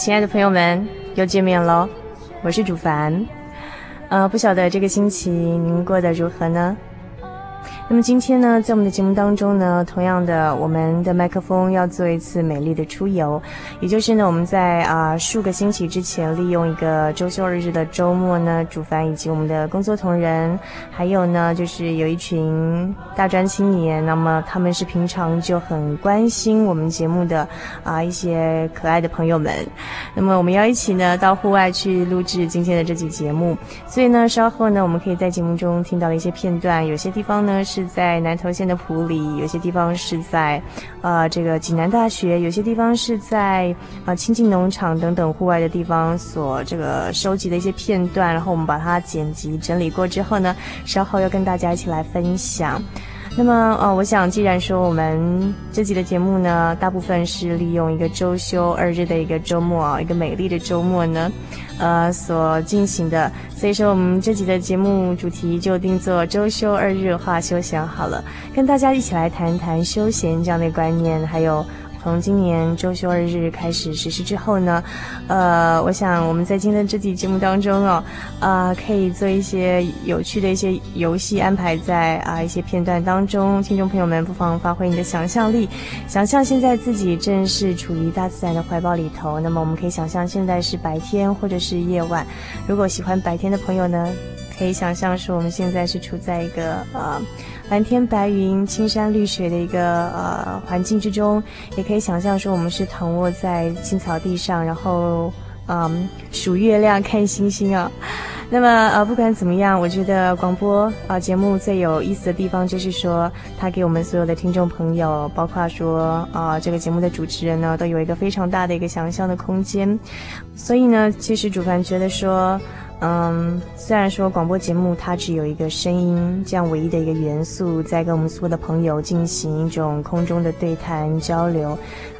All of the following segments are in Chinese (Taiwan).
親愛的朋友們，又見面嘍！我是主凡，呃，不曉得這個星期您過得如何呢？那麼今天呢，在我們的節目當中呢，同樣的，我們的麥克風要做一次美麗的出遊，也就是呢，我們在啊、呃、數個星期之前，利用一個週休二日的週末呢，主凡以及我們的工作同仁，還有呢，就是有一群大專青年，那麼他們是平常就很關心我們節目的啊、呃、一些可愛的朋友們，那麼我們要一起呢到戶外去錄製今天的這期節目，所以呢，稍後呢，我們可以在節目中聽到了一些片段，有些地方呢是。在南投縣的埔里，有些地方是在，呃，這個暨南大學，有些地方是在，呃，清境農場等等戶外的地方所這個收集的一些片段，然後我們把它剪輯整理過之後呢，稍後要跟大家一起來分享。那麼，呃、哦，我想，既然說我們這集的節目呢，大部分是利用一個周休二日的一個周末啊，一個美麗的周末呢，呃，所進行的，所以說我們這集的節目主題就定做周休二日話休閒好了，跟大家一起來談談休閒這樣的觀念，還有。從今年周休二日開始實施之後呢，呃，我想我們在今天的這期節目當中哦，啊、呃，可以做一些有趣的一些遊戲安排在啊、呃、一些片段當中，聽眾朋友們不妨發揮你的想象力，想象現在自己正是處於大自然的懷抱裡頭。那麼我們可以想象現在是白天或者是夜晚。如果喜歡白天的朋友呢，可以想象是我們現在是處在一個呃。藍天白雲、青山綠水的一個呃環境之中，也可以想象說我們是躺臥在青草地上，然後嗯、呃、數月亮、看星星啊、哦。那麼呃不管怎麼樣，我覺得廣播啊、呃、節目最有意思的地方就是說，它給我們所有的聽眾朋友，包括說啊、呃、這個節目的主持人呢，都有一個非常大的一個想象的空間。所以呢，其實主辦覺得說。嗯，雖然說廣播節目它只有一個聲音這樣唯一的一個元素，在跟我們所有的朋友進行一種空中的對談交流，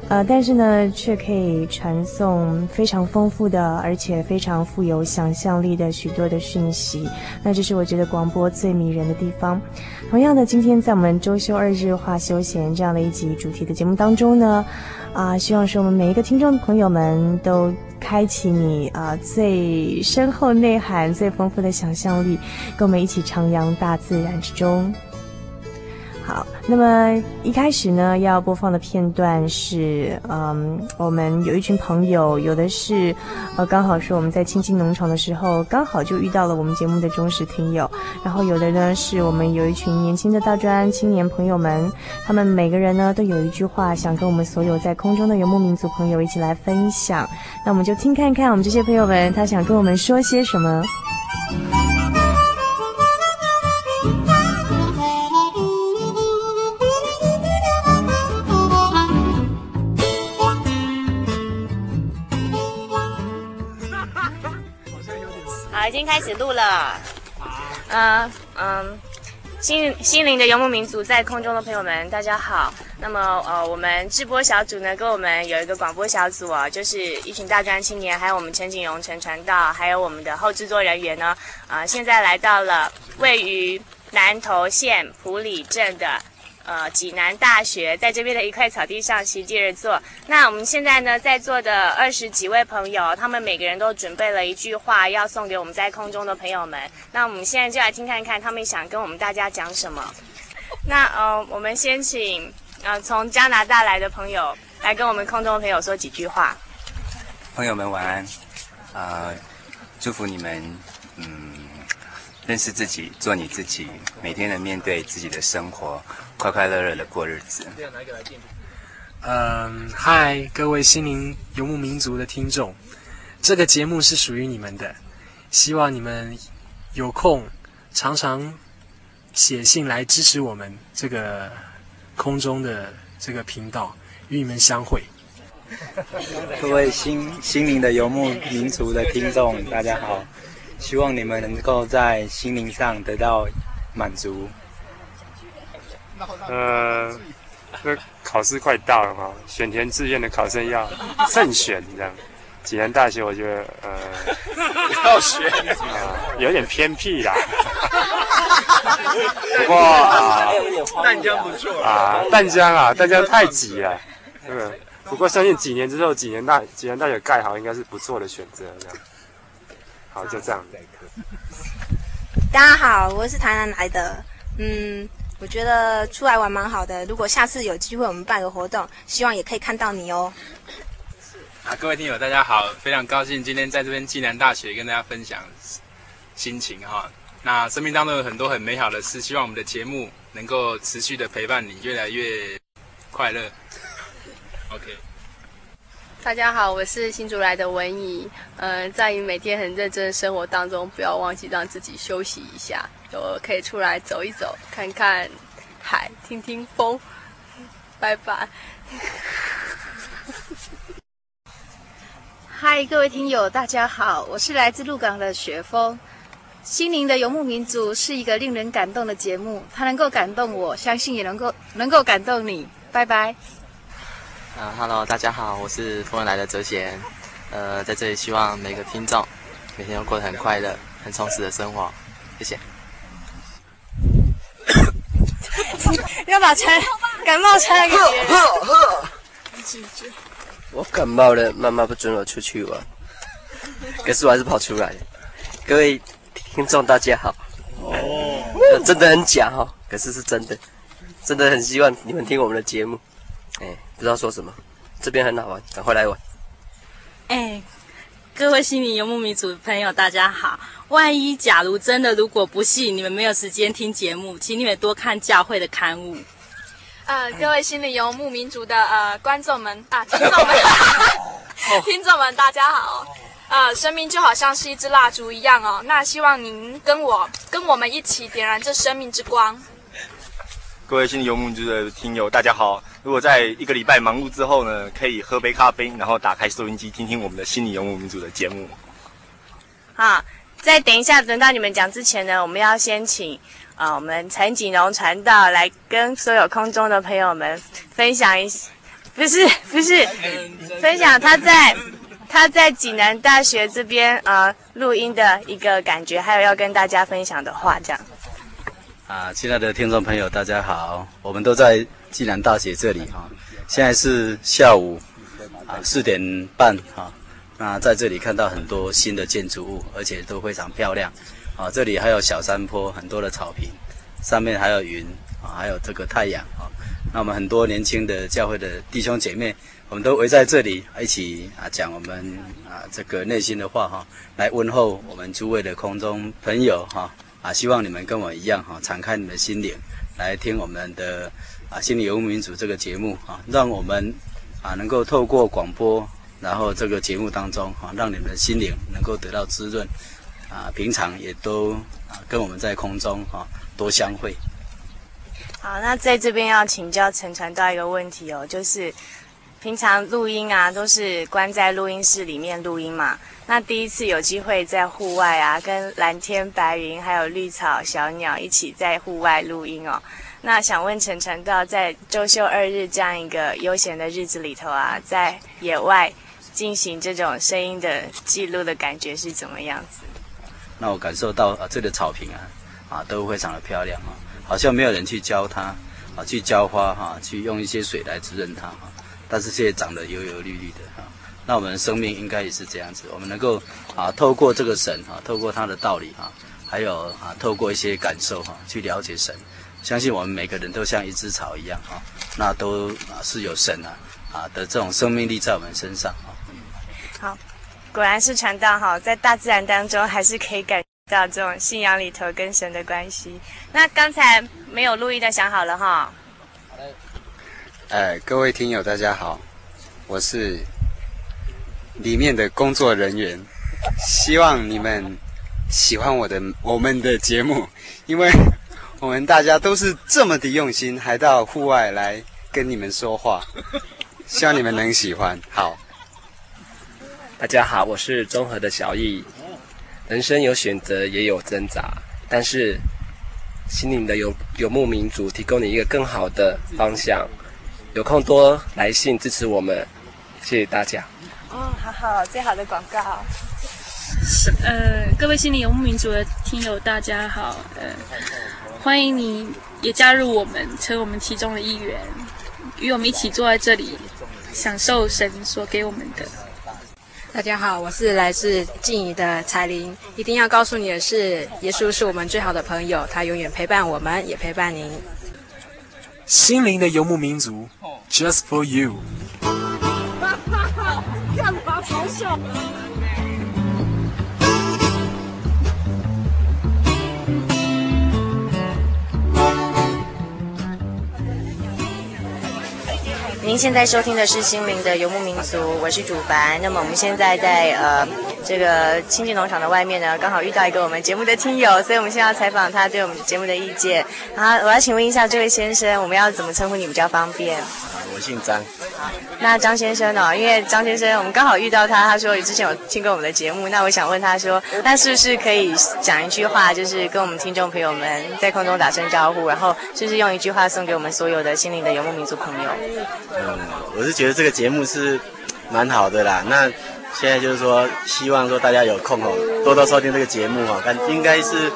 呃，但是呢，卻可以傳送非常豐富的，而且非常富有想象力的許多的訊息。那這是我覺得廣播最迷人的地方。同樣的，今天在我們周休二日話休閒這樣的一集主題的節目當中呢，啊、呃，希望是我們每一個聽眾朋友們都開啟你啊，呃，最深厚內涵，最豐富的想象力，跟我們一起徜徉大自然之中。好，那麼一開始呢，要播放的片段是，嗯，我們有一群朋友，有的是，呃，剛好是我們在清境農場的時候，剛好就遇到了我們節目的忠實聽友，然後有的呢是，我們有一群年輕的大專青年朋友們，他們每個人呢都有一句話想跟我們所有在空中的遊牧民族朋友一起來分享，那我們就聽看看我們這些朋友們他想跟我們說些什麼。記路了，啊、uh, um,，嗯嗯，心心靈的遊牧民族在空中的朋友們，大家好。那麼，呃、uh,，我們直播小組呢，跟我們有一個廣播小組、哦，就是一群大專青年，還有我們陳景榮、陳傳道，還有我們的後制作人員呢，啊、呃，現在來到了位於南投縣埔里鎮的。呃，暨南大學在這邊的一塊草地上席地而坐。那我們現在呢，在座的二十幾位朋友，他們每個人都準備了一句話要送給我們在空中的朋友們。那我們現在就來聽看看他們想跟我們大家講什麼。那呃，我們先請呃從加拿大來的朋友來跟我們空中的朋友說幾句話。朋友們晚安，啊、呃，祝福你們。認識自己，做你自己，每天能面對自己的生活，快快樂樂的過日子。嗯，嗨，各位心靈游牧民族的聽眾，這個節目是屬於你們的，希望你們有空常常寫信來支持我們這個空中的這個頻道，與你們相會。 各位心心靈的游牧民族的聽眾，大家好。希望你們能夠在心靈上得到滿足。呃，那考試快到了嘛，選填志願的考生要慎選，這樣。暨南大學，我覺得呃，不要選學啊、呃，有點偏僻啦。 不過啊，淡江不錯啊，淡江啊，淡江太擠了。嗯，不過相信幾年之後，暨南大暨南大學蓋好，應該是不錯的選擇，這樣。好，就這樣一 大家好，我是台南來的，嗯，我覺得出來玩蠻好的。如果下次有機會，我們辦個活動，希望也可以看到你哦。啊，各位聽友，大家好，非常高興今天在這邊暨南大學跟大家分享心情哈。那生命當中有很多很美好的事，希望我們的節目能夠持續的陪伴你，越來越快樂。OK。大家好，我是新竹來的文怡。嗯，在你每天很認真的生活當中，不要忘記讓自己休息一下，我可以出來走一走，看看海，聽聽風。拜拜。嗨， 各位聽友，大家好，我是來自鹿港的雪峰。心靈的遊牧民族是一個令人感動的節目，它能夠感動我，相信也能夠能夠感動你。拜拜。哈嘍，uh, Hello, 大家好，我是瘋人來的哲賢，呃、uh,，在這裡希望每個聽眾每天都過得很快樂、很充實的生活，謝謝。 要把拆感冒拆給我，感 我感冒了，媽媽不准我出去玩，可是我還是跑出來各位聽眾大家好。哦、嗯。真的很假哦，可是是真的，真的很希望你們聽我們的節目。哎，不知道說什麼。這邊很好玩，趕快來玩。哎，各位心靈游牧民族的朋友，大家好。萬一假如真的如果不幸，你們沒有時間聽節目，請你們多看教會的刊物。呃，各位心靈游牧民族的呃觀眾們啊，聽眾們， 聽眾們，大家好。呃，生命就好像是一支蠟燭一樣哦，那希望您跟我跟我們一起點燃這生命之光。各位心靈遊牧民族的聽友，大家好！如果在一個禮拜忙碌之後呢，可以喝杯咖啡，然後打開收音機聽聽我們的心靈遊牧民族的節目。好，在等一下輪到你們講之前呢，我們要先請啊、呃，我們陳景榮傳道來跟所有空中的朋友們分享一，不是不是，分享他在他在暨南大學這邊啊、呃、錄音的一個感覺，還有要跟大家分享的話，這樣。啊，親愛的聽眾朋友，大家好，我們都在暨南大學這裡哈、啊，現在是下午啊四點半啊。那在這裡看到很多新的建築物，而且都非常漂亮啊。這裡還有小山坡，很多的草坪，上面還有雲啊，還有這個太陽啊。那我們很多年輕的教會的弟兄姐妹，我們都圍在這裡一起啊講我們啊這個內心的話哈、啊，來問候我們諸位的空中朋友哈。啊啊，希望你們跟我一樣哈、啊，敞開你們的心靈，來聽我們的啊“心靈遊牧民族”這個節目哈、啊，讓我們啊能夠透過廣播，然後這個節目當中哈、啊，讓你們的心靈能夠得到滋潤啊。平常也都啊跟我們在空中哈、啊、多相會。好，那在這邊要請教陳傳道一個問題哦，就是平常錄音啊，都是關在錄音室裡面錄音嘛？那第一次有機會在戶外啊，跟藍天白雲，還有綠草、小鳥一起在戶外錄音哦。那想問晨晨，到在週休二日這樣一個悠閒的日子裡頭啊，在野外進行這種聲音的記錄的感覺是怎麼樣子？那我感受到啊，這個草坪啊，啊，都非常的漂亮啊、哦，好像沒有人去澆它啊，去澆花哈、啊，去用一些水來滋潤它哈、啊，但是現在長得油油綠綠的。那我們生命應該也是這樣子，我們能夠啊透過這個神啊，透過他的道理啊，還有啊透過一些感受哈、啊，去了解神。相信我們每個人都像一枝草一樣哈、啊，那都是有神啊啊的這種生命力在我們身上啊。嗯，好，果然是傳道哈，在大自然當中還是可以感覺到這種信仰裡頭跟神的關係。那剛才沒有錄音的想好了哈?好的。哎，各位聽友大家好，我是。裡面的工作人員，希望你們喜歡我的我們的節目，因為我們大家都是這麼的用心，還到戶外來跟你們說話，希望你們能喜歡。好，大家好，我是綜合的小易。人生有選擇，也有掙扎，但是心靈的游游牧民族提供你一個更好的方向。有空多來信支持我們，謝謝大家。哦、嗯，好好，最好的廣告。呃，各位心靈游牧民族的聽友，大家好，呃，歡迎你也加入我們，成為我們其中的一員，與我們一起坐在這裡，享受神所給我們的。大家好，我是來自靜怡的彩玲。一定要告訴你的是，耶穌是我們最好的朋友，他永遠陪伴我們，也陪伴您。心靈的游牧民族，oh，Just for you。好小啊！您現在收聽的是《心靈的遊牧民族》，我是主凡。那麼我們現在在呃這個清境農場的外面呢，剛好遇到一個我們節目的聽友，所以我們現在要採訪他對我們節目的意見。好，我要請問一下這位先生，我們要怎麼稱呼你比較方便？啊，我姓張。那張先生哦，因為張先生我們剛好遇到他，他說之前有聽過我們的節目，那我想問他說，那是不是可以講一句話，就是跟我們聽眾朋友們在空中打聲招呼，然後是不是用一句話送給我們所有的《心靈的遊牧民族》朋友。嗯，我是覺得這個節目是蠻好的啦。那現在就是說，希望說大家有空哦，多多收聽這個節目啊、哦。但應該是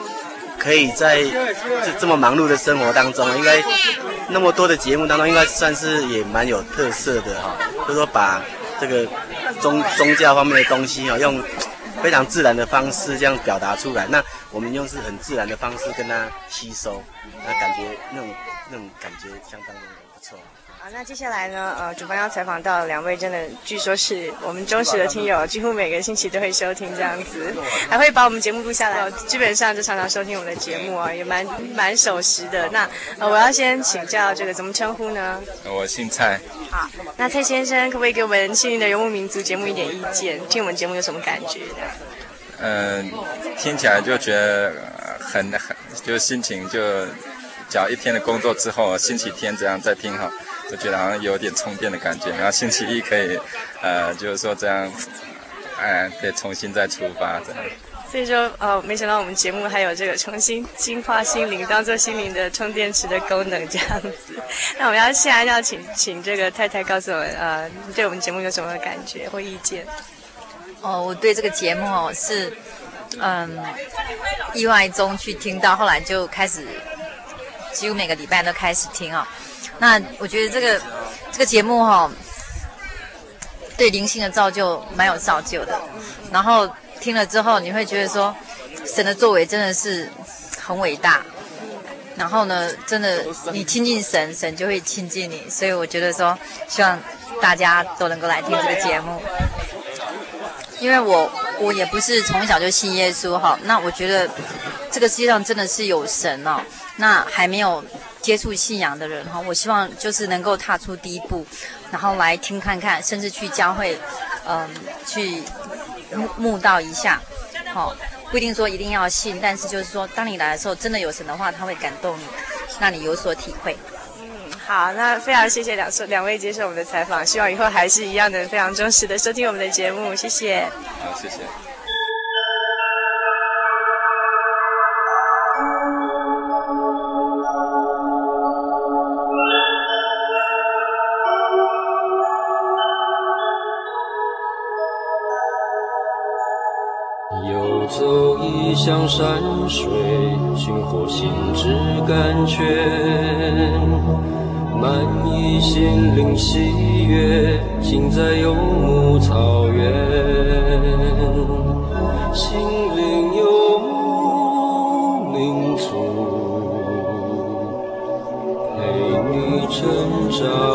可以在這這麼忙碌的生活當中，應該那麼多的節目當中，應該算是也蠻有特色的哈、哦。就是、說把這個宗宗教方面的東西啊、哦，用非常自然的方式這樣表達出來。那我們用是很自然的方式跟它吸收，那感覺那種那種感覺相當的不錯。好，那接下來呢？呃，主辦方要採訪到兩位，真的據說是我們忠實的聽友，幾乎每個星期都會收聽這樣子，還會把我們節目錄下來，基本上就常常收聽我們的節目啊，也蠻蠻守時的。那呃，我要先請教這個怎麼稱呼呢？我姓蔡。好，那蔡先生可不可以給我們《心靈的遊牧民族》節目一點意見？聽我們節目有什麼感覺的？這嗯、呃，聽起來就覺得很很，就是心情就講一天的工作之後，星期天這樣再聽哈。就覺得好像有點充電的感覺，然後星期一可以，呃，就是說這樣，哎、嗯，可以重新再出發這樣。所以說，呃、哦，沒想到我們節目還有這個重新淨化心靈、當做心靈的充電池的功能這樣子。那我們要下要請請這個太太告訴我呃呃，你對我們節目有什麼感覺或意見？哦，我對這個節目哦是，嗯，意外中去聽到，後來就開始，幾乎每個禮拜都開始聽哦。那我覺得這個這個節目哈、哦，對靈性的造就蠻有造就的。然後聽了之後，你會覺得說，神的作為真的是很偉大。然後呢，真的你親近神，神就會親近你。所以我覺得說，希望大家都能夠來聽這個節目。因為我我也不是從小就信耶穌哈、哦。那我覺得這個世界上真的是有神哦。那還沒有。接觸信仰的人哈，我希望就是能夠踏出第一步，然後來聽看看，甚至去教會，嗯、呃，去慕道一下，好、哦，不一定說一定要信，但是就是說，當你來的時候，真的有神的話，他會感動你，讓你有所體會。嗯，好，那非常謝謝兩兩位接受我們的採訪，希望以後還是一樣的非常忠實的收聽我們的節目，謝謝。好，謝謝。水尋獲心之甘泉，滿溢心靈喜悅，盡在遊牧草原，心靈遊牧民族陪你成長。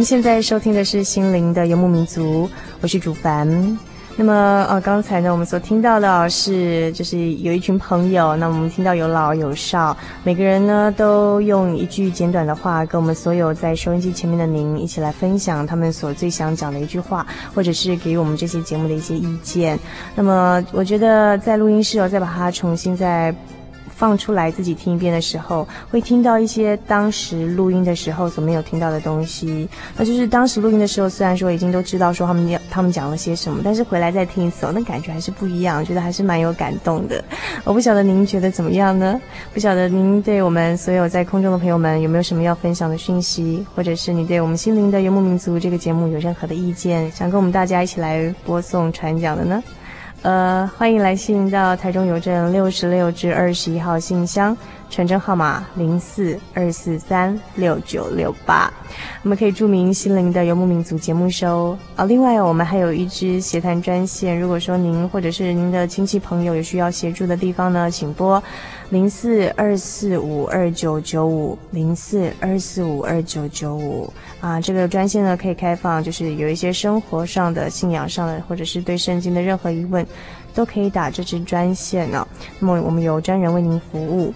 您現在收聽的是心靈的遊牧民族，我是主凡。那麼呃、啊，剛才呢，我們所聽到的是就是有一群朋友，那我們聽到有老有少，每個人呢都用一句簡短的話，跟我們所有在收音機前面的您一起來分享他們所最想講的一句話，或者是給我們這期節目的一些意見。那麼我覺得在錄音室我、哦、再把它重新再。放出來自己聽一遍的時候，會聽到一些當時錄音的時候所沒有聽到的東西。那就是當時錄音的時候，雖然說已經都知道說他們要他們講了些什麼，但是回來再聽一次，那感覺還是不一樣，覺得還是蠻有感動的。我不曉得您覺得怎麼樣呢？不曉得您對我們所有在空中的朋友們有沒有什麼要分享的訊息，或者是你對我們《心靈的游牧民族》這個節目有任何的意見，想跟我們大家一起來播送傳講的呢？呃，歡迎來信到台中郵政六十六至二十一號信箱。傳真號碼零四二四三六九六八，我們可以注明“心靈的游牧民族”節目收啊、哦。另外哦，我們還有一支協談專線。如果說您或者是您的親戚朋友有需要協助的地方呢，請撥零四二四五二九九五零四二四五二九九五啊。這個專線呢可以開放，就是有一些生活上的、信仰上的，或者是對聖經的任何疑問，都可以打這支專線呢、哦。那麼我們有專人為您服務。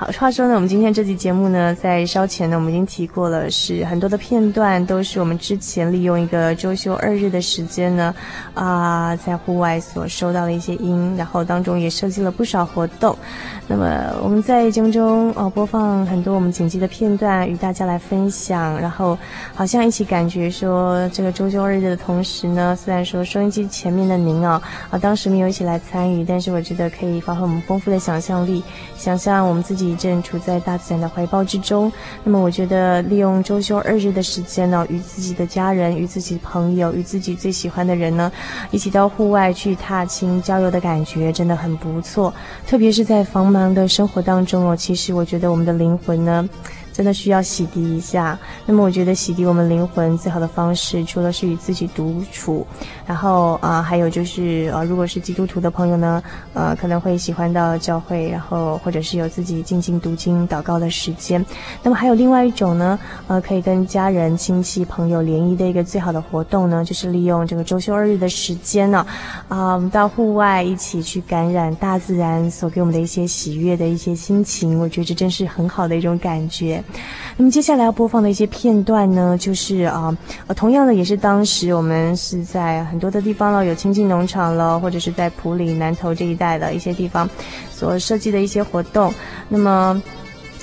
好，話說呢，我們今天這期節目呢，在稍前呢，我們已經提過了，是很多的片段都是我們之前利用一個週休二日的時間呢，啊、呃，在戶外所收到的一些音，然後當中也設計了不少活動。那麼我們在節目中哦、呃，播放很多我們剪輯的片段與大家來分享，然後好像一起感覺說，這個週休二日的同時呢，雖然說收音機前面的您啊，啊、呃、當時沒有一起來參與，但是我覺得可以發揮我們豐富的想象力，想象我們自己。正處在大自然的懷抱之中，那麼我覺得利用週休二日的時間呢、哦，與自己的家人、與自己的朋友、與自己最喜歡的人呢，一起到戶外去踏青郊遊的感覺真的很不錯。特別是在繁忙的生活當中哦，其實我覺得我們的靈魂呢，真的需要洗滌一下。那麼，我覺得洗滌我們靈魂最好的方式，除了是與自己獨處，然後啊、呃，還有就是呃，如果是基督徒的朋友呢，呃，可能會喜歡到教會，然後或者是有自己靜靜讀經、禱告的時間。那麼，還有另外一種呢，呃，可以跟家人、親戚、朋友聯誼的一個最好的活動呢，就是利用這個周休二日的時間呢，啊、呃，我們到戶外一起去感染大自然所給我們的一些喜悅的一些心情。我覺得這真是很好的一種感覺。那麼接下來要播放的一些片段呢，就是啊，呃、啊，同樣的也是當時我們是在很多的地方了，有清境農場了，或者是在埔里南投這一帶的一些地方，所設計的一些活動。那麼。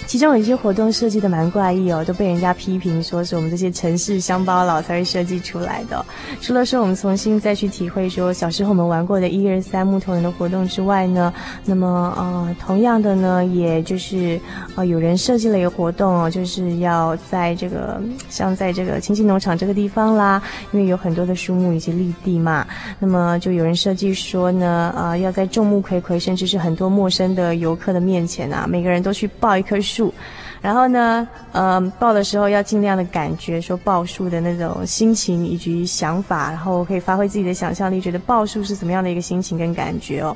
其中有一些活動設計的蠻怪異哦，都被人家批評說是我們這些城市鄉巴佬才會設計出來的。除了說我們重新再去體會說小時候我們玩過的一二三木頭人的活動之外呢，那麼呃，同樣的呢，也就是呃有人設計了一個活動哦，就是要在這個像在這個清境農場這個地方啦，因為有很多的樹木以及綠地嘛，那麼就有人設計說呢，呃，要在眾目睽睽甚至是很多陌生的遊客的面前啊，每個人都去抱一棵樹。樹，然後呢，嗯，抱的時候要盡量的感覺說抱樹的那種心情以及想法，然後可以發揮自己的想象力，覺得抱樹是怎麼樣的一個心情跟感覺哦。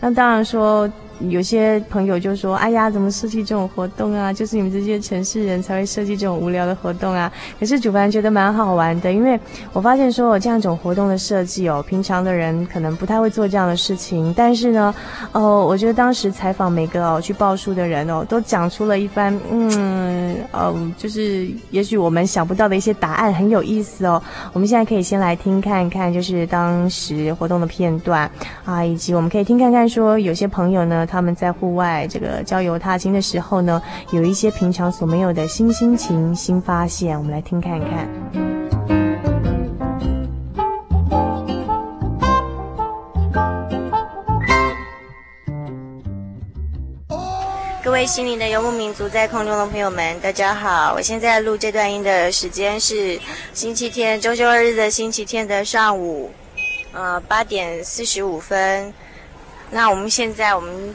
那當然說。有些朋友就說：“哎呀，怎麼設計這種活動啊？就是你們這些城市人才會設計這種無聊的活動啊！”可是主辦覺得蠻好玩的，因為我發現說，這樣一種活動的設計哦，平常的人可能不太會做這樣的事情。但是呢，哦，我覺得當時採訪每個哦去報數的人哦，都講出了一番嗯哦，就是也許我們想不到的一些答案，很有意思哦。我們現在可以先來聽看看，就是當時活動的片段啊，以及我們可以聽看看說，有些朋友呢。他們在戶外這個郊遊踏青的時候呢，有一些平常所沒有的新心情、新發現。我們來聽看一看。各位心靈的游牧民族，在空中的朋友們，大家好！我現在錄這段音的時間是星期天，週休二日的星期天的上午，呃，八點四十五分。那我們現在我們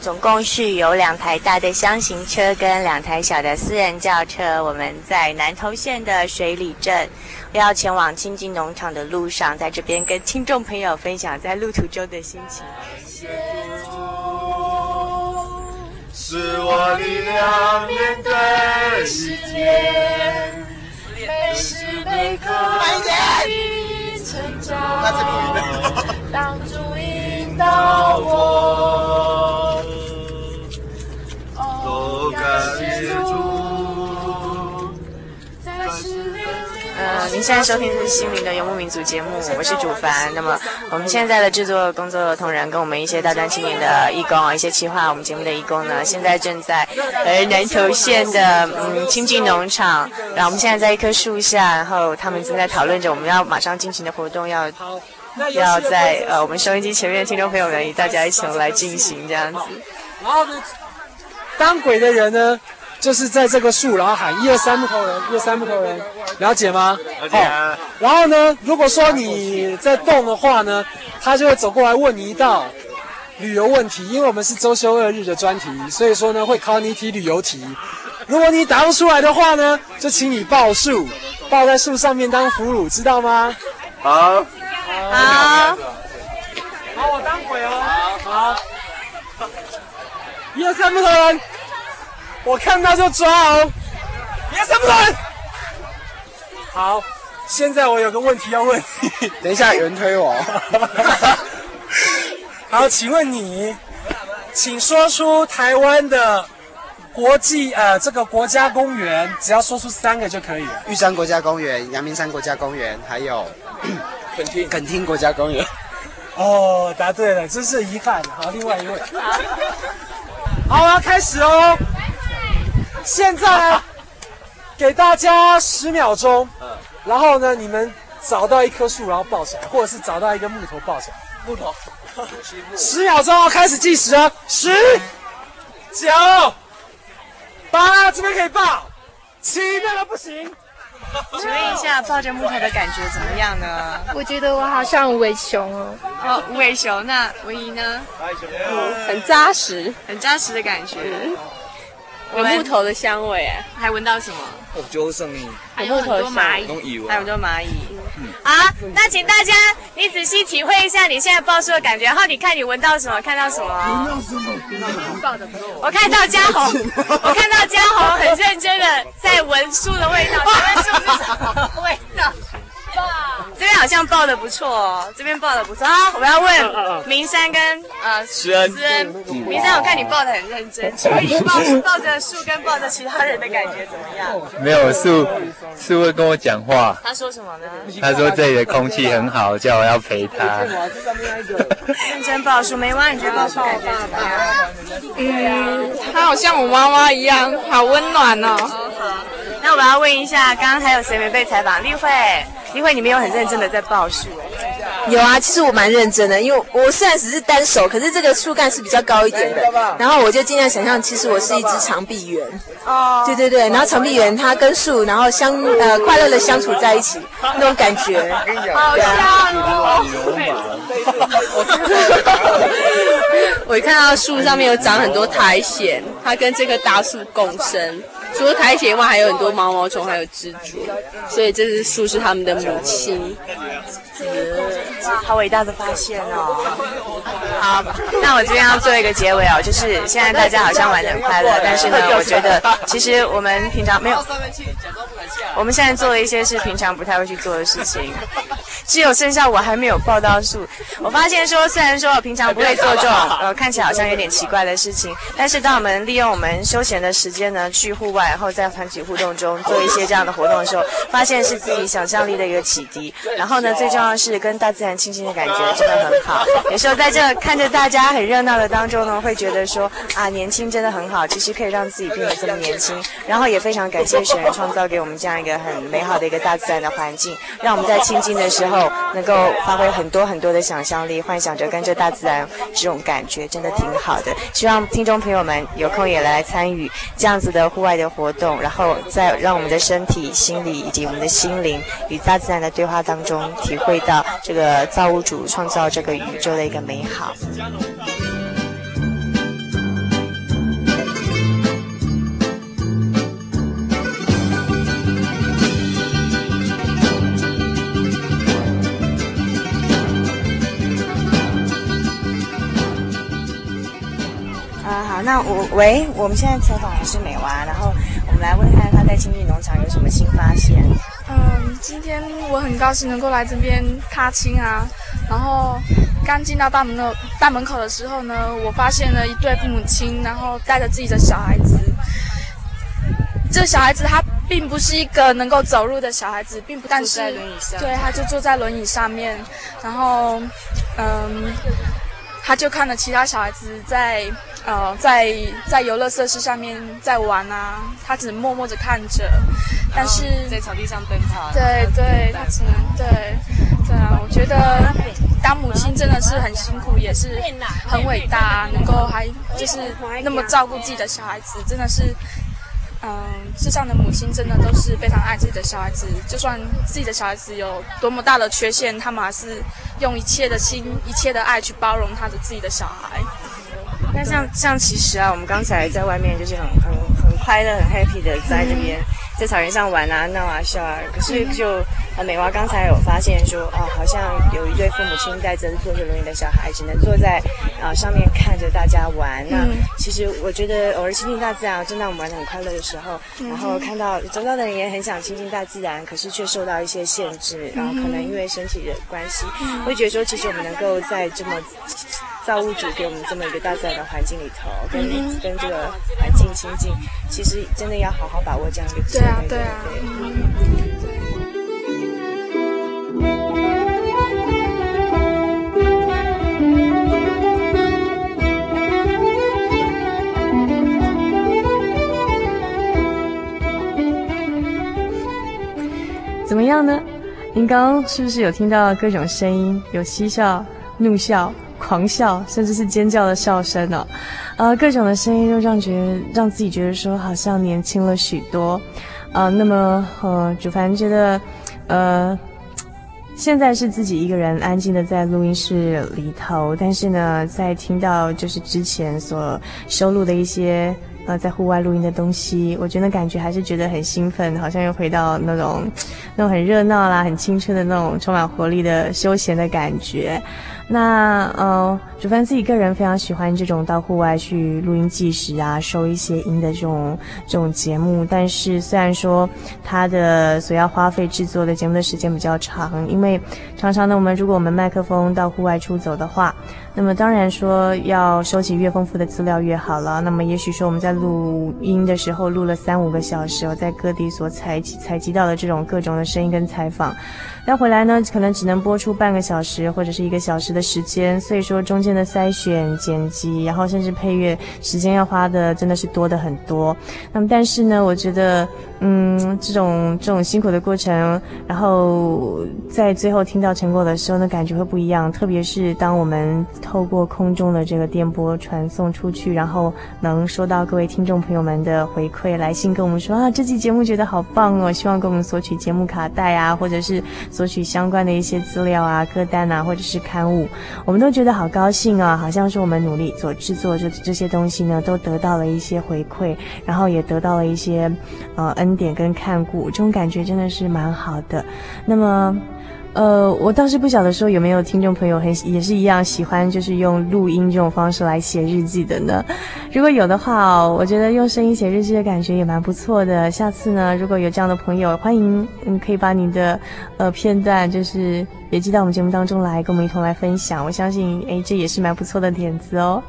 總共是有兩台大的箱型車跟兩台小的私人轎車，我們在南投縣的水里鎮，要前往清境農場的路上，在這邊跟聽眾朋友分享在路途中的心情。到我，都感謝主。嗯，您、呃、現在收聽的是心靈的游牧民族節目，我是主凡。那麼，嗯、我們現在的制作工作同仁跟我們一些大專青年的義工、一些企劃我們節目的義工呢，現在正在呃南投縣的嗯清境農場。然後，我們現在在一棵樹下，然後他們正在討論着我們要馬上進行的活動要。要在呃我們收音機前面聽眾朋友們，與大家一起來進行這樣子。然後呢，當鬼的人呢，就是在這個樹，然後喊一二三木頭人，一二三木頭人，了解？嗎？好、啊哦，然後呢，如果說你在動的話呢，他就會走過來問你一道旅遊問題，因為我們是周休二日的專題，所以說呢會考你一題旅遊題。如果你答不出來的話呢，就請你抱樹，抱在樹上面當俘虜，知道嗎？好。好，把我當鬼哦。好，一二三木頭人，好好 yes, 我看到就抓哦。一二三木頭人，好，現在我有個問題要問你。等一下有人推我。 好，請問你，請說出台灣的國際呃這個國家公園，只要說出三個就可以了。玉山國家公園、陽明山國家公園，還有。嗯，墾丁，墾丁國家公園。哦，答對了，真是遺憾了。好，另外一位。好，好，我要開始哦。乖乖現在、啊、給大家十秒鐘。嗯、然後呢，你們找到一棵樹，然後抱起來，或者是找到一個木頭抱起來。木頭。嗯、十秒鐘，開始計時啊！十、九、八，這邊可以抱。七，那個不行。請問一下，抱着木頭的感覺怎麼樣呢？我覺得我好像無尾熊哦。哦，無尾熊，那文怡呢？哦，很扎實，很扎實的感覺。有木頭的香味，哎，還聞到什麼？我就是你。還有很多螞蟻，還有很多螞蟻。啊，那請大家你仔細體會一下你現在抱樹的感覺，然後你看你聞到什麼，看到什麼？我看到嘉紅， 我看到嘉紅很認真的在聞樹的味道，請問樹是什麼味道？ 這邊好像抱的不錯哦，這邊抱的不錯啊、哦！我要問明山跟呃思恩，真明山，我看你抱的很認真，你抱抱着樹跟抱着其他人的感覺怎麼樣？ 沒有樹，樹會跟，跟我講話。他說什麼呢？他說這裡的空氣很好， 叫我要陪他。 認真抱樹沒完，你就要抱我爸爸。 嗯，他好像我媽媽一樣，好溫暖哦。哦好，那我要問一下，剛剛還有誰沒被採訪？立慧，立慧，你沒有很認。真的在抱樹，有啊，其實我蠻認真的，因為我雖然只是單手，可是這個樹幹是比較高一點的，然後我就盡量想象，其實我是一只長臂猿，哦，對對對，哦、然後長臂猿它跟樹然後相、哦、呃快樂的相處在一起，那種感覺，講啊、好像、哦。慕 我一看到樹上面有長很多苔蘚，它跟這棵大樹共生。除了苔蘚外，還有很多毛毛蟲，還有蜘蛛，所以這隻樹是他們的母親。嗯。好偉大的發現哦！ 好，那我這邊要做一個結尾哦，就是現在大家好像玩得很快樂，但是呢，我覺得其實我們平常沒有。我們現在做了一些是平常不太會去做的事情，只有剩下我還沒有報到數。我發現說，雖然說我平常不會做這種，呃，看起來好像有點奇怪的事情，但是當我們利用我們休閒的時間呢，去戶外，然後在團體互動中做一些這樣的活動的時候，發現是自己想象力的一個啟迪。然後呢，最重要的是跟大自然親近的感覺真的很好。有時候在這看着大家很熱鬧的當中呢，會覺得說啊，年輕真的很好，其實可以讓自己變得這麼年輕。然後也非常感謝選人創造給我們。這樣一個很美好的一個大自然的環境，讓我們在親近的時候能夠發揮很多很多的想象力，幻想着跟着大自然這種感覺真的挺好的。希望聽眾朋友們有空也來參與這樣子的戶外的活動，然後再讓我們的身體、心理以及我們的心靈與大自然的對話當中，體會到這個造物主創造這個宇宙的一個美好。那我喂，我們現在採訪的是美娃，然後我們來問一下她在清境農場有什麼新發現？嗯，今天我很高興能夠來這邊踏青啊。然後剛進到大門的大門口的時候呢，我發現了一對父母親，然後帶着自己的小孩子。這小孩子他並不是一個能夠走路的小孩子，並不但是坐在輪椅上，對，他就坐在輪椅上面。然後，嗯，他就看了其他小孩子在。呃，在在遊樂設施上面在玩啊，他只默默地看着，但是在草地上奔跑，對對，他只能對對啊，我覺得當母親真的是很辛苦，也是很偉大，能夠還就是那麼照顧自己的小孩子，真的是，嗯，世上的母親真的都是非常愛自己的小孩子，就算自己的小孩子有多麼大的缺陷，他們還是用一切的心，一切的愛去包容他的自己的小孩。那像像其實啊，我們剛才在外面就是很很很快樂、很 happy 的，在那邊、嗯、在草原上玩啊、鬧啊、笑啊，可是就。嗯啊，美娃剛才有發現說，啊、哦，好像有一對父母親帶着坐着輪椅的小孩，只能坐在啊、呃、上面看着大家玩。那、嗯、其實我覺得，偶爾親近大自然，正當我們玩得很快樂的時候，然後看到周遭、嗯、的人也很想親近大自然，可是卻受到一些限制。然後可能因為身體的關係，會、嗯、覺得說，其實我們能夠在這麼造物主給我們這麼一個大自然的環境裡頭，跟、嗯、跟這個環境親近，其實真的要好好把握這樣一個機會、那個。對對啊。對啊對嗯怎麼樣呢？您剛剛是不是有聽到各種聲音？有嬉笑、怒笑、狂笑，甚至是尖叫的笑聲哦、啊。啊、呃，各種的聲音都讓覺讓自己覺得說好像年輕了許多。啊、呃，那麼呃，主凡覺得，呃，現在是自己一個人安靜的在錄音室裡頭，但是呢，在聽到就是之前所收錄的一些。呃，在戶外錄音的東西，我覺得感覺還是覺得很興奮，好像又回到那種那種很熱鬧啦、很青春的那種充滿活力的休閒的感覺。那呃，主範自己個人非常喜歡這種到戶外去錄音、計時啊、收一些音的這種這種節目。但是雖然說它的所要花費製作的節目的時間比較長，因為常常呢，我們如果我們麥克風到戶外出走的話。那麼當然說，要收集越豐富的資料越好了。那麼也許說，我們在錄音的時候錄了三五個小時，我在各地所採集採集到的這種各種的聲音跟採訪。再回來呢，可能只能播出半個小時或者是一個小時的時間，所以說中間的篩選、剪輯，然後甚至配樂時間要花的真的是多得很多。那麼，但是呢，我覺得，嗯，這種這種辛苦的過程，然後在最後聽到成果的時候呢，感覺會不一樣。特別是當我們透過空中的這個電波傳送出去，然後能收到各位聽眾朋友們的回饋來信，跟我們說啊，這期節目覺得好棒哦，希望給我們索取節目卡帶啊，或者是。索取相關的一些資料啊、歌單啊，或者是刊物，我們都覺得好高興啊。好像是我們努力所制作的這這些東西呢，都得到了一些回饋，然後也得到了一些，呃，恩典跟看顧，這種感覺真的是蠻好的。那麼。呃，我倒是不曉得說有沒有聽眾朋友很也是一樣喜歡，就是用錄音這種方式來寫日記的呢？如果有的話，哦，我覺得用聲音寫日記的感覺也蠻不錯的。下次呢，如果有這樣的朋友，歡迎，嗯，可以把你的，呃，片段就是也寄到我們節目當中來，跟我們一同來分享。我相信，誒、哎，這也是蠻不錯的點子哦。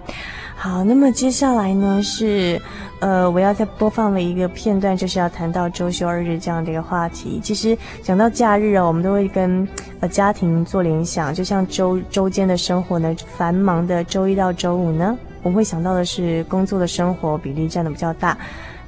好，那麼接下來呢是，呃，我要再播放的一個片段，就是要談到周休二日這樣的一個話題。其實講到假日啊，哦，我們都會跟呃家庭做聯想，就像周周間的生活呢，繁忙的周一到周五呢，我們會想到的是工作的生活比例佔的比較大。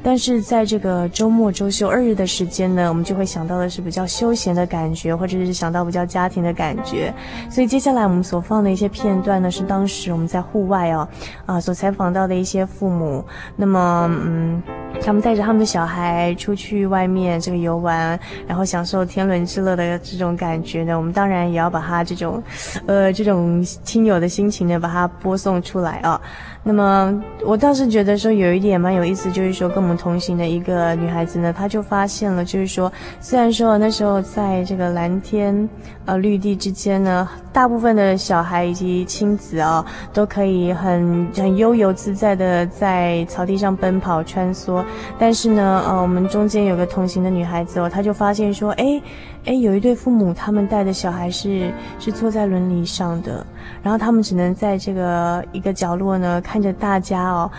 但是在這個週末、週休二日的時間呢，我們就會想到的是比較休閒的感覺，或者是想到比較家庭的感覺。所以接下來我們所放的一些片段呢，是當時我們在戶外哦，啊所採訪到的一些父母。那麼，嗯。他們帶着他們的小孩出去外面這個遊玩，然後享受天倫之樂的這種感覺呢，我們當然也要把他這種，呃，這種親友的心情呢，把它播送出來啊。哦，那麼我倒是覺得說有一點蠻有意思，就是說跟我們同行的一個女孩子呢，她就發現了，就是說雖然說那時候在這個藍天，呃，綠地之間呢。大部分的小孩以及親子哦，都可以很很悠游自在的在草地上奔跑穿梭。但是呢，呃、哦，我們中間有個同行的女孩子哦，她就發現說，哎、欸，哎、欸，有一對父母，他們帶的小孩是是坐在輪椅上的，然後他們只能在這個一個角落呢，看着大家哦，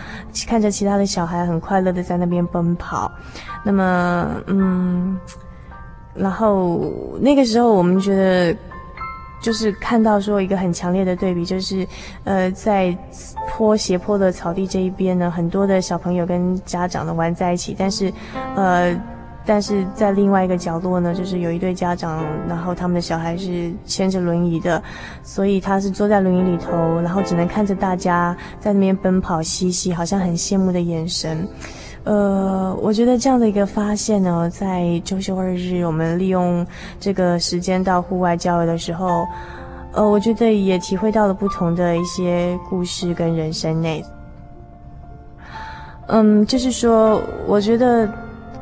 看着其他的小孩很快樂的在那邊奔跑。那麼，嗯，然後那個時候我們覺得。就是看到說一個很強烈的對比，就是，呃，在坡斜坡的草地這一邊呢，很多的小朋友跟家長呢玩在一起，但是，呃，但是在另外一個角落呢，就是有一對家長，然後他們的小孩是牽着輪椅的，所以他是坐在輪椅裡頭，然後只能看着大家在那邊奔跑嬉戲，好像很羨慕的眼神。呃，我覺得這樣的一個發現呢，在週休二日，我們利用這個時間到戶外郊遊的時候，呃，我覺得也體會到了不同的一些故事跟人生內，嗯，就是說，我覺得，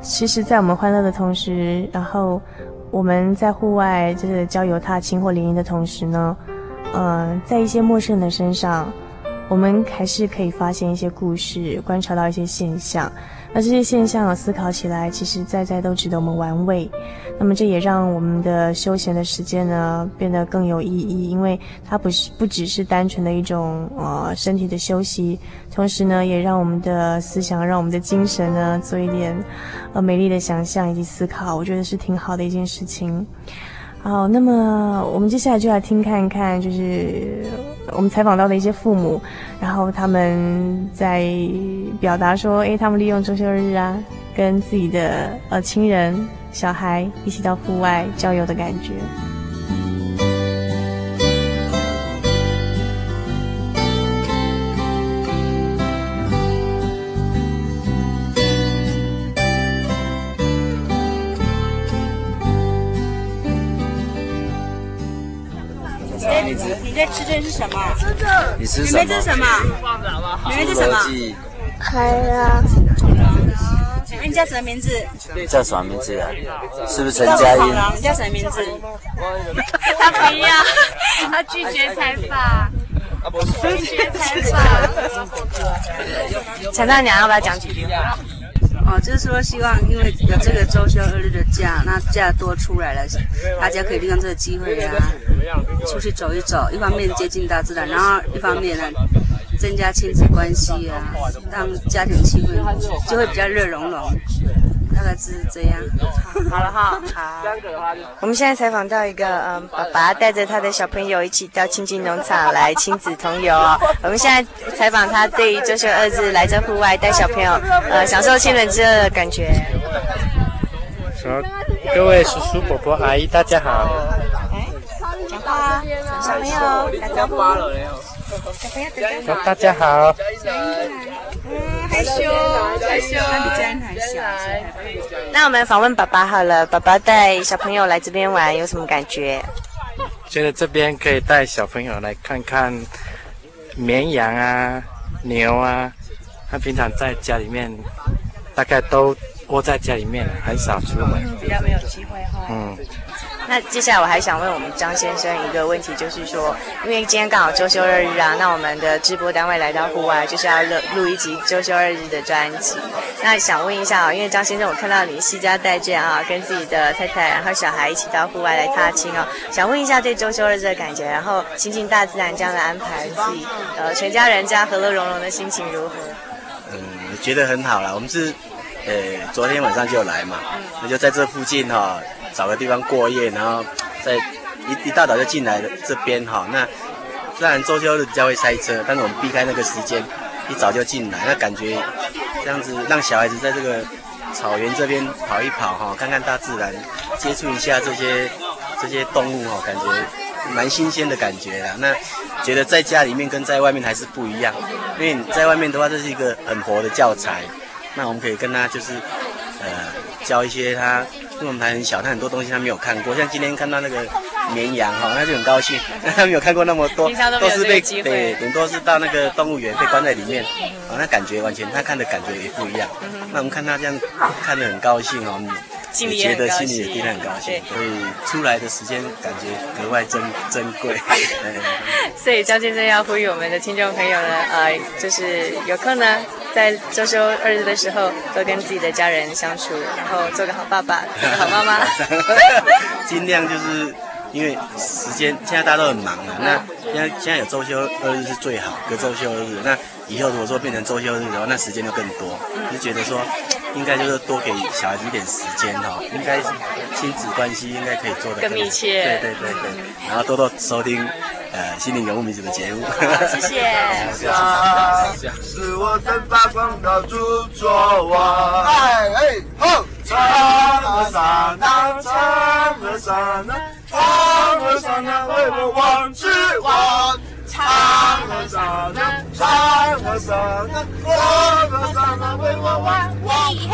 其實在我們歡樂的同時，然後我們在戶外就是郊遊踏青或聯誼的同時呢，嗯、呃，在一些陌生人的身上。我們還是可以發現一些故事，觀察到一些現象，那這些現象啊，思考起來，實實在在都值得我們玩味。那麼這也讓我們的休閒的時間呢，變得更有意義，因為它不是不只是單純的一種呃身體的休息，同時呢，也讓我們的思想，讓我們的精神呢，做一點呃美麗的想象以及思考，我覺得是挺好的一件事情。好，那麼我們接下來就來聽看一看，就是。我們採訪到的一些父母，然後他們在表達說：“哎、欸，他們利用周休日啊，跟自己的呃親人、小孩一起到戶外郊遊的感覺。”你在吃這是什麼？的你吃裡面這是什麼？裡面這是什麼？開了。裡面 ya、嗯嗯、你叫什麼名字？叫什麼名字？是不是陳佳音？嗯、你叫什麼名字？他不一樣，他拒絕採訪。啊，拒絕採訪。 陳大娘，要不要講幾句？哦，就是說希望，因為有這個週休二日的假，那假多出來了，大家可以利用這個機會呀、啊，出去走一走，一方面接近大自然，然後一方面呢，增加親子關係啊，讓家庭氣氛就會比較熱融融。原來是這樣。 好了哈，好。我們現在採訪到一個嗯、呃，爸爸帶着他的小朋友一起到清境農場來親子同遊 我們現在採訪他對於“週休二日”來這戶外帶小朋友呃 享受親人之樂的感覺。各位叔叔、伯伯、阿姨，大家好。哎、欸，講話，小朋友打招呼，大家好。害羞，害羞，那還，還，還那我們訪問爸爸好了，爸爸帶小朋友來這邊玩有什麼感覺？覺得這邊可以帶小朋友來看看綿羊啊、牛啊。他平常在家裡面，大概都窩在家裡面了，很少出門，比較沒有機會哈。嗯。那接下來我還想問我們張先生一個問題，就是說，因為今天剛好周休二日啊，那我們的直播單位來到戶外，就是要錄錄一集周休二日的專輯。那想問一下啊、哦，因為張先生，我看到你攜家帶眷啊、哦，跟自己的太太然後小孩一起到戶外來踏青哦，想問一下對周休二日的感覺，然後親近大自然這樣的安排，自己呃全家人家和樂融融的心情如何？嗯，我覺得很好啦。我們是呃昨天晚上就來嘛，那就在這附近哈、哦。找個地方過夜，然後在一一大早就進來了這邊哈、哦。那雖然週休日比較會塞車，但是我們避開那個時間，一早就進來。那感覺這樣子讓小孩子在這個草原這邊跑一跑哈、哦，看看大自然，接觸一下這些這些動物哈、哦，感覺蠻新鮮的感覺啦。那覺得在家裡面跟在外面還是不一樣，因為你在外面的話，這是一個很活的教材。那我們可以跟他就是呃教一些他。這種牌很小，他很多東西他沒有看過，像今天看到那個綿羊哈，那、哦、就很高興。他沒有看過那麼多，都是被對，頂多是到那個動物園被關在裡面，啊、哦，那感覺完全他看的感覺也不一樣。嗯、哼那我們看他這樣好看得很高興哦。你覺得心裡也變得很高興，所以對出來的時間感覺格外珍珍貴。所以張先生要呼籲我們的聽眾朋友呢，呃，就是有空呢，在週休二日的時候多跟自己的家人相處，然後做個好爸爸，做個好媽媽。盡 量就是，因為時間現在大家都很忙嘛、啊，那現在現在有週休二日是最好，隔週休二日那。以後如果說變成週休日的話，那時間就更多。就覺得說，應該就是多給小孩子一點時間哈。應該親子關係應該可以做得更密切。對對對對，然後多多收聽，呃，心靈的遊牧民族的節目。謝謝。山啊為我嘿嘿。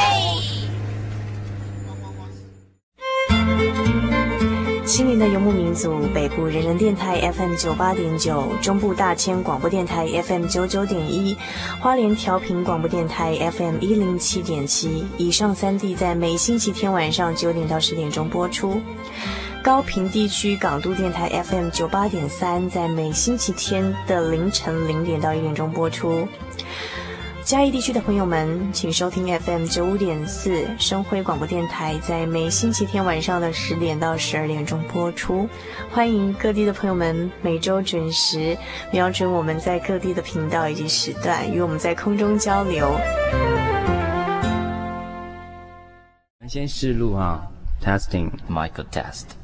心靈的游牧民族，北部人人電台 FM 九八點九，中部大千廣播電台 FM 九九點一，花蓮調頻廣播電台 FM 一零七點七，以上三地在每星期天晚上九點到十點鐘播出。高屏地區港都電台 FM 九八點三，在每星期天的凌晨零點到一點鐘播出。嘉義地區的朋友們，請收聽 FM 九五點四升輝廣播電台，在每星期天晚上的十點到十二點鐘播出。歡迎各地的朋友們每周準時瞄準我們在各地的頻道以及時段，與我們在空中交流。先試錄啊，testing micro test。試試試試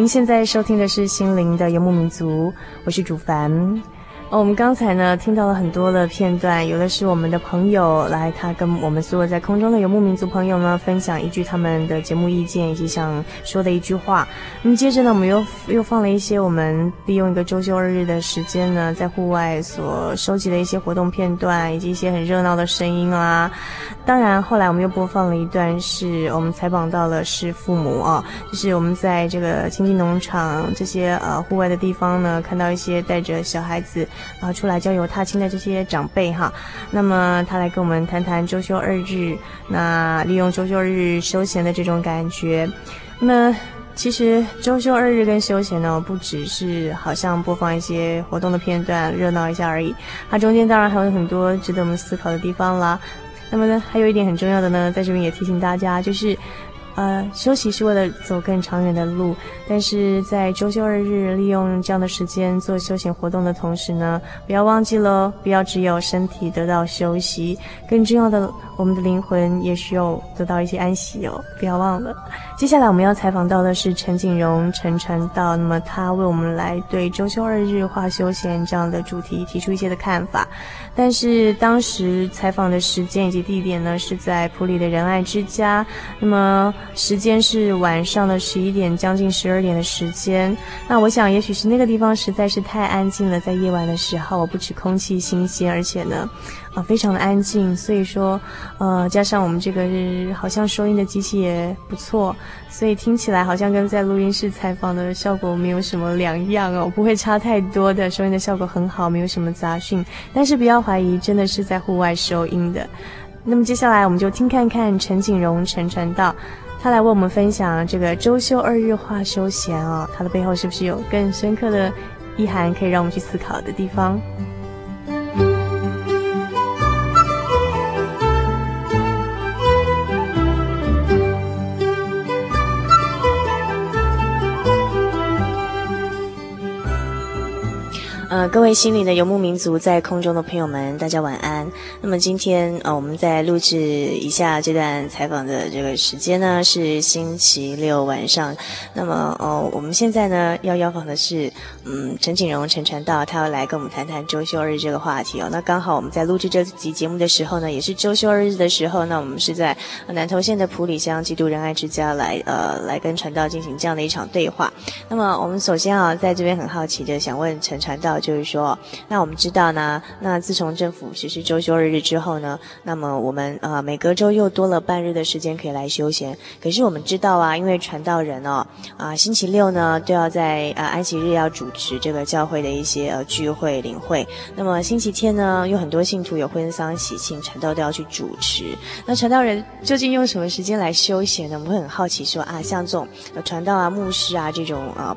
您現在收聽的是《心靈的遊牧民族》，我是朱凡。哦，oh, 我們剛才呢聽到了很多的片段，有的是我們的朋友來，他跟我們所有在空中的游牧民族朋友呢分享一句他們的節目意見以及想說的一句話。那、嗯、麼接着呢，我們又又放了一些我們利用一個周休二日的時間呢，在戶外所收集的一些活動片段，以及一些很熱鬧的聲音啊。當然後來我們又播放了一段，是我們採訪到了是父母啊、哦，就是我們在這個清境農場這些呃戶外的地方呢，看到一些帶着小孩子。然後出來郊遊踏青的這些長輩哈，那麼他來跟我們談談周休二日，那利用周休二日休閒的這種感覺，那麼其實周休二日跟休閒呢，不只是好像播放一些活動的片段熱鬧一下而已，它中間當然還有很多值得我們思考的地方啦。那麼呢，還有一點很重要的呢，在這邊也提醒大家就是。呃，休息是為了走更長遠的路，但是在周休二日利用這樣的時間做休閒活動的同時呢，不要忘記了，不要只有身體得到休息，更重要的，我們的靈魂也需要得到一些安息哦，不要忘了。接下來我們要採訪到的是陳景榮、陳傳道，那麼他為我們來對周休二日話休閒這樣的主題提出一些的看法。但是當時採訪的時間以及地點呢，是在埔里的仁愛之家。那麼時間是晚上的十一點，將近十二點的時間。那我想，也許是那個地方實在是太安靜了，在夜晚的時候，我不止空氣新鮮，而且呢。啊、哦，非常的安靜，所以說，呃，加上我們這個日好像收音的機器也不錯，所以聽起來好像跟在錄音室採訪的效果沒有什麼兩樣哦，不會差太多的，收音的效果很好，沒有什麼雜訊，但是不要懷疑，真的是在戶外收音的。那麼接下來我們就聽看看陳景榮陳傳道，他來為我們分享這個週休二日話休閒啊、哦，他的背後是不是有更深刻的意涵可以讓我們去思考的地方？呃，各位心靈的遊牧民族在空中的朋友們，大家晚安。那麼今天呃，我們在錄製一下這段採訪的這個時間呢，是星期六晚上。那麼呃，我們現在呢要邀訪的是，嗯，陳景榮陳傳道，他要來跟我們談談週休二日這個話題哦。那剛好我們在錄製這集節目的時候呢，也是週休二日的時候。那我們是在南投縣的埔里鄉基督仁愛之家來呃來跟傳道進行這樣的一場對話。那麼我們首先啊，在這邊很好奇的想問陳傳道就。就是說，那我們知道呢，那自從政府實施週休二日之後呢，那麼我們呃每隔周又多了半日的時間可以來休閒。可是我們知道啊，因為傳道人哦，啊、呃、星期六呢都要在呃安息日要主持這個教會的一些呃聚會靈會，那麼星期天呢又很多信徒有婚喪喜慶，傳道都要去主持。那傳道人究竟用什麼時間來休閒呢？我們會很好奇說啊，像這種傳道啊、牧師啊這種啊、呃，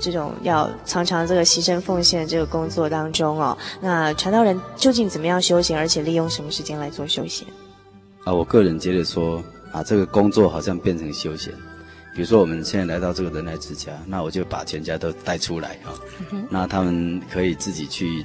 這種要常常這個犧牲奉獻這個。工作當中哦，那傳道人究竟怎麼樣休閒，而且利用什麼時間來做休閒？啊，我個人覺得說，啊，這個工作好像變成休閒。比如說我們現在來到這個人來之家，那我就把全家都帶出來哈，啊嗯、哼那他們可以自己去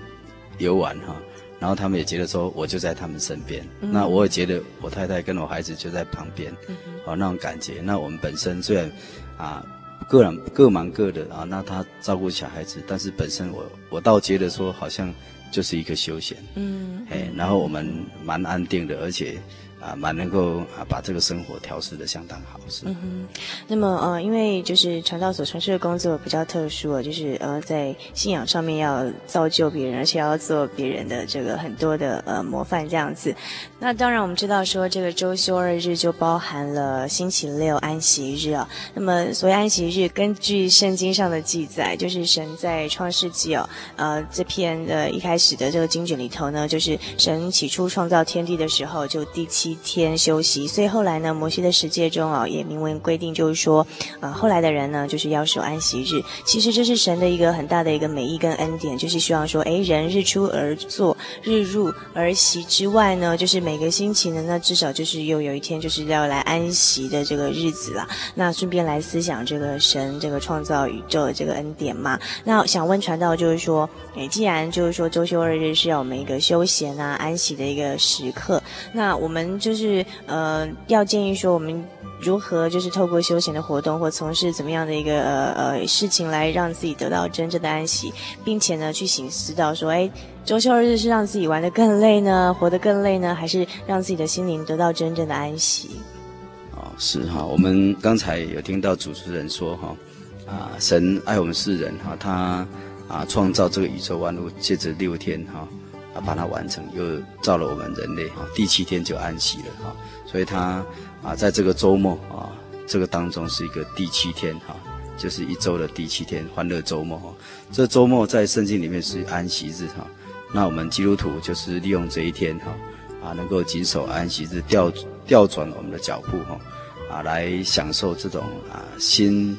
遊玩哈、啊，然後他們也覺得說，我就在他們身邊。嗯、哼那我也覺得我太太跟我孩子就在旁邊，好、嗯哼啊、那種感覺。那我們本身雖然啊。各人各忙各的啊，那他照顧小孩子，但是本身我我倒覺得說好像就是一個休閒，嗯，誒嘿，嗯、然後我們蠻安定的，而且啊蠻能夠啊把這個生活調適得相當好，是。嗯哼，那麼呃，因為就是傳道所從事的工作比較特殊啊，就是呃在信仰上面要造就別人，而且要做別人的這個很多的呃模範這樣子。那當然，我們知道說這個週休二日就包含了星期六安息日啊。那麼，所謂安息日，根據聖經上的記載，就是神在創世紀哦、啊，呃，這篇呃一開始的這個經卷裡頭呢，就是神起初創造天地的時候，就第七天休息。所以後來呢，摩西的十誡中哦、啊，也明文規定，就是說，呃，後來的人呢，就是要守安息日。其實這是神的一個很大的一個美意跟恩典，就是希望說，誒，人日出而作，日入而息之外呢，就是。每個星期呢，那至少就是又有一天就是要來安息的這個日子了。那順便來思想這個神這個創造宇宙的這個恩典嘛。那想問傳道，就是說，誒，既然就是說周休二日是要我們一個休閒啊、安息的一個時刻。那我們就是呃，要建議說，我們如何就是透過休閒的活動或從事怎麼樣的一個呃、呃事情，來讓自己得到真正的安息，並且呢，去省思到說，哎，週休日是讓自己玩得更累呢，活得更累呢，還是讓自己的心靈得到真正的安息？哦，是哈、哦，我們剛才有聽到主持人說哈、哦，啊，神愛我們世人哈，他、哦、啊，創造這個宇宙萬物，借着六天哈。哦把它完成，又造了我們人類，第七天就安息了，所以他啊，在這個周末啊，這個當中是一個第七天哈，就是一周的第七天，歡樂周末哈，這周末在聖經裡面是安息日哈，那我們基督徒就是利用這一天哈，啊，能夠謹守安息日，調調轉我們的腳步哈，啊，來享受這種啊心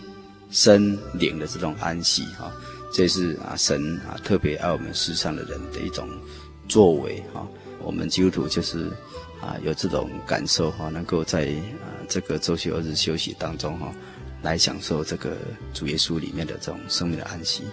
身靈的這種安息哈，這是啊神啊特別愛我們世上的人的一種。作為哈，我們基督徒就是啊，有這種感受哈，能夠在啊這個周休二日休息當中哈，來享受這個主耶穌裡面的這種生命的安息。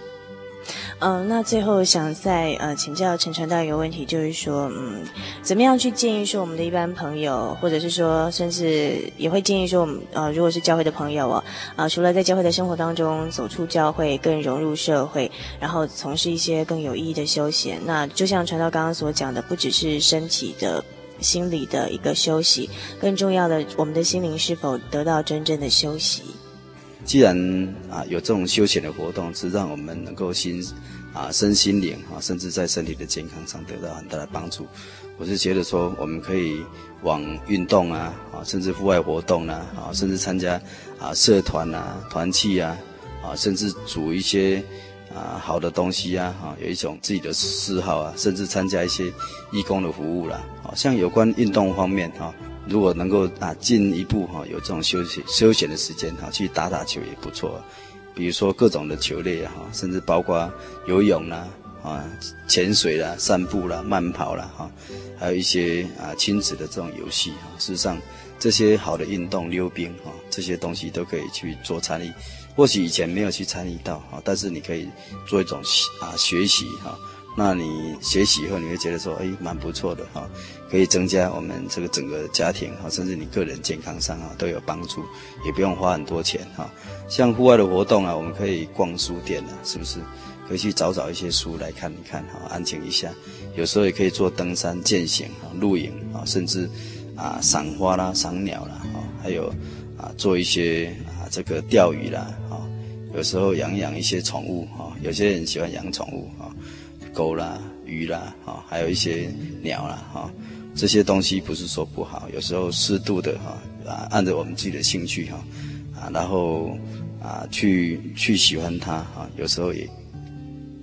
嗯、呃，那最後想再呃請教陳傳道一個問題，就是說，嗯，怎麼樣去建議說我們的一般朋友，或者是說，甚至也會建議說我們，呃，如果是教會的朋友哦、啊，啊、呃，除了在教會的生活當中走出教會，更融入社會，然後從事一些更有意義的休閒，那就像傳道剛剛所講的，不只是身體的、心理的一個休息，更重要的，我們的心靈是否得到真正的休息？既然啊有這種休閒的活動，是讓我們能夠心啊身心靈啊，甚至在身體的健康上得到很大的幫助。我是覺得說，我們可以往運動啊啊，甚至戶外活動啊，啊，甚至參加啊社團啊，團契啊啊，甚至煮一些啊好的東西啊，啊，有一種自己的嗜好啊，甚至參加一些義工的服務啦啊，像有關運動方面啊。如果能夠啊進一步哈、啊，有這種休息休閒的時間哈、啊，去打打球也不錯、啊。比如說各種的球類哈、啊，甚至包括游泳啦、啊潛水啦、啊、散步啦、啊、慢跑啦，哈、啊，還有一些啊親子的這種遊戲哈。事實上，這些好的運動，溜冰哈、啊，這些東西都可以去做參與。或許以前沒有去參與到哈、啊，但是你可以做一種啊學習哈、啊。那你學習以後，你會覺得說，哎、欸，蠻不錯的哈。啊可以增加我們這個整個家庭哈，甚至你個人健康上啊都有幫助，也不用花很多錢哈。像戶外的活動啊，我們可以逛書店了，是不是？可以去找找一些書來看一看哈，安靜一下。有時候也可以做登山、健行啊、露營啊，甚至啊賞花啦、賞鳥啦啊，還有啊做一些啊這個釣魚啦、啊、有時候養一養一些寵物、啊、有些人喜歡養寵物啊，狗啦、魚啦啊，還有一些鳥啦哈。啊這些東西不是說不好，有時候適度的哈啊，按著我們自己的興趣哈啊，然後啊去去喜歡它哈、啊，有時候也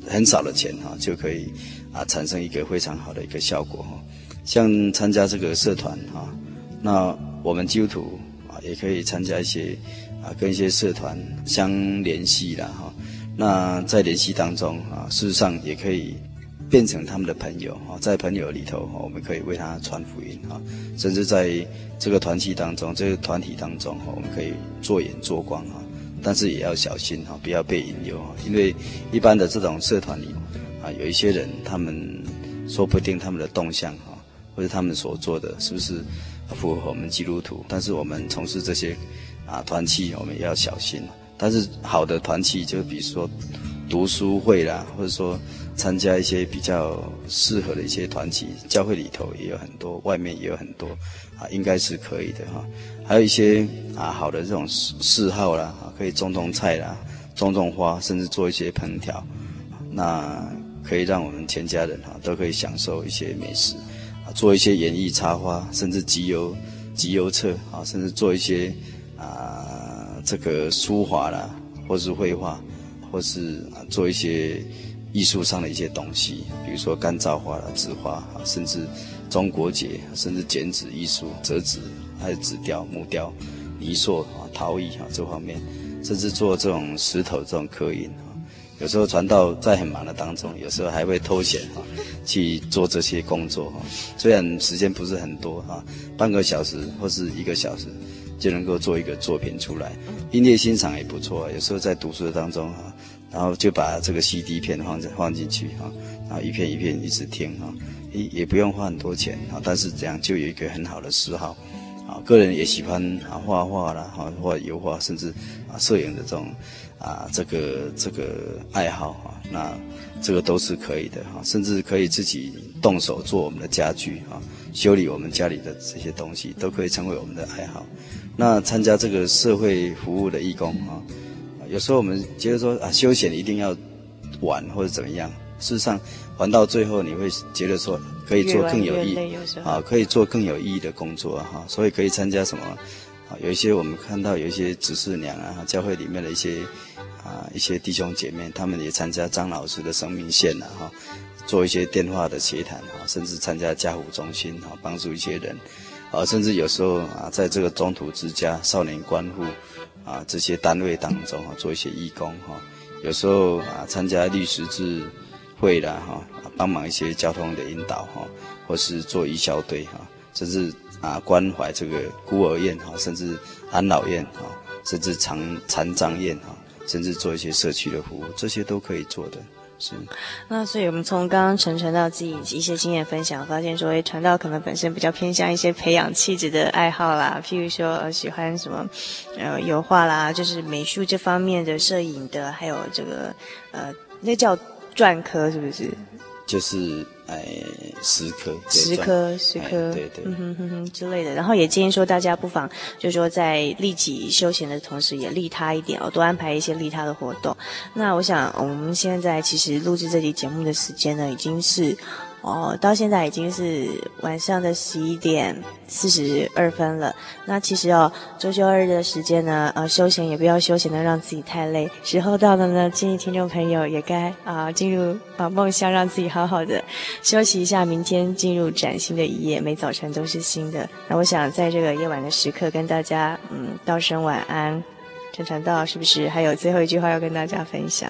很少的錢哈、啊、就可以啊產生一個非常好的一個效果哈、啊。像參加這個社團哈、啊，那我們基督徒啊也可以參加一些啊跟一些社團相聯繫啦，哈、啊。那在聯繫當中啊，事實上也可以。變成他們的朋友哈，在朋友裡頭哈，我們可以為他傳福音哈，甚至在這個團體當中，這個團體當中哈，我們可以作鹽作光，但是也要小心哈，不要被引誘，因為一般的這種社團裡啊，有一些人他們說不定他們的動向哈，或者他們所做的是不是符合我們基督徒，但是我們從事這些啊團體，我們也要小心。但是好的團體，就比如說讀書會啦，或者說。參加一些比較適合的一些團體，教會裡頭也有很多，外面也有很多，啊，應該是可以的哈，啊。還有一些啊，好的這種嗜好啦，可以種種菜啦，種種花，甚至做一些烹調，那可以讓我們全家人哈，啊，都可以享受一些美食，啊，做一些園藝插花，甚至集郵、集郵冊啊，甚至做一些啊這個書法啦，或是繪畫，或是做一些。藝術上的一些東西，比如說乾燥花、紙花甚至中國結，甚至剪紙藝術、折紙，還有紙雕、木雕、泥塑啊、陶藝啊這方面，甚至做這種石頭這種刻印。有時候傳道在很忙的當中，有時候還會偷閒去做這些工作啊。雖然時間不是很多，半個小時或是一個小時就能夠做一個作品出來，音樂欣賞也不錯。有時候在讀書的當中然後就把這個 CD 片放在放進去哈、啊，然後一片一片一直聽哈、啊，也也不用花很多錢哈、啊，但是這樣就有一個很好的嗜好，啊，個人也喜歡啊畫畫啦哈、啊，畫油畫甚至啊攝影的這種啊這個這個愛好啊，那這個都是可以的哈、啊，甚至可以自己動手做我們的家具哈、啊，修理我們家裡的這些東西都可以成為我們的愛好，那參加這個社會服務的義工啊。有時候我們覺得說啊，休閒一定要玩或者怎麼樣，事實上玩到最後你會覺得說可以做更有意義啊，可以做更有意義的工作哈、啊，所以可以參加什麼啊？有一些我們看到有一些執事娘啊，教會裡面的一些啊一些弟兄姐妹，他們也參加張老師的生命線啊，啊做一些電話的協談啊，甚至參加家扶中心啊，幫助一些人啊，甚至有時候啊，在這個中途之家少年關護，啊，這些單位當中哈、啊，做一些義工哈、啊，有時候啊，參加律師志會啦，哈、啊，幫忙一些交通的引導哈、啊，或是做義消隊哈、啊，甚至啊，關懷這個孤兒院哈、啊，甚至安老院哈、啊，甚至殘殘障院哈、啊，甚至做一些社區的服務，這些都可以做的。是那所以，我們從剛剛陳傳道自己一些經驗分享，發現說誒、哎，傳道，可能本身比較偏向一些培養氣質的愛好啦，譬如說、呃、喜歡什麼，呃，油畫啦，就是美術這方面的，攝影的，還有這個，呃，那叫篆刻，是不是？就是。十顆、十顆、哎、十顆對、哎、對，對對，嗯哼嗯哼哼之類的。然後也建議說，大家不妨就說在利己休閒的同時，也利他一點哦，多安排一些利他的活動。那我想，我們現在其實錄制這期節目的時間呢，已經是。哦，到現在已經是晚上的十一點四十二分了。那其實哦，周休二日的時間呢，呃，休閒也不要休閒的讓自己太累。時候到了呢，建議聽眾朋友也該啊、呃、進入啊、呃、夢鄉，讓自己好好的休息一下。明天進入嶄新的一夜，每早晨都是新的。那我想在這個夜晚的時刻，跟大家嗯道聲晚安。陳傳，傳道是不是還有最後一句話要跟大家分享？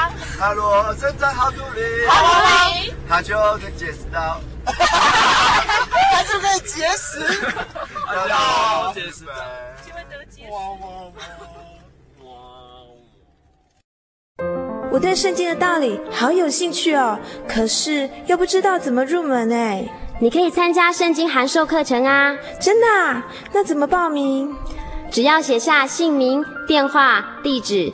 他若真在好助理肚裡，哈里他就能解釋到， 他就可以解釋，要到解釋請問等級？哇哦，哇哦！我對聖經的道理好有興趣哦，可是又不知道怎麼入門哎。你可以參加聖經函授課程啊！真的啊？啊那怎麼報名？只要寫下姓名、電話、地址。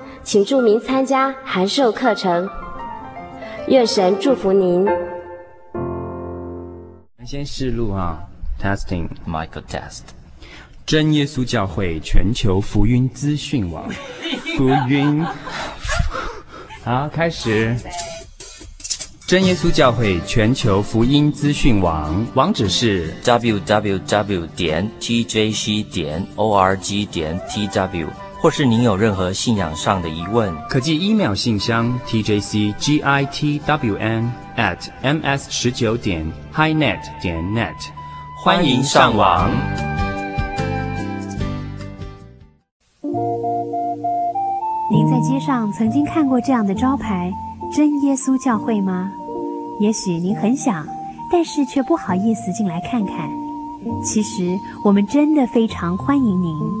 請注明參加函授課程。願神祝福您。先試錄啊，testing Michael test。真耶穌教會全球福音資訊網， 福音。 好，開始。 真耶穌教會全球福音資訊網，網址是 www. 點 tjc. 點 org. 點 tw。或是您有任何信仰上的疑問，可寄 email 信箱 tjcgitwn@ms 十九點 hinet 點 net，, net 歡迎上網。您在街上曾經看過這樣的招牌“真耶穌教會”嗎？也許您很想，但是卻不好意思進來看看。其實，我們真的非常歡迎您。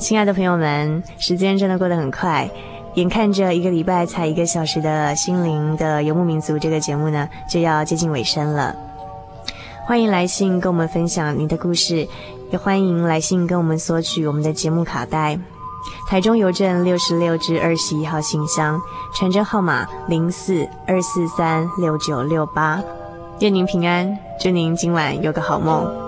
親愛的朋友們，時間真的過得很快，眼看着一個禮拜才一個小時的《心靈的游牧民族》這個節目呢，就要接近尾聲了。歡迎來信跟我們分享您的故事。也歡迎來信跟我們索取我們的節目卡帶，台中郵政六十六至二十一號信箱，傳真號碼零四二四三六九六八，願您平安，祝您今晚有個好夢。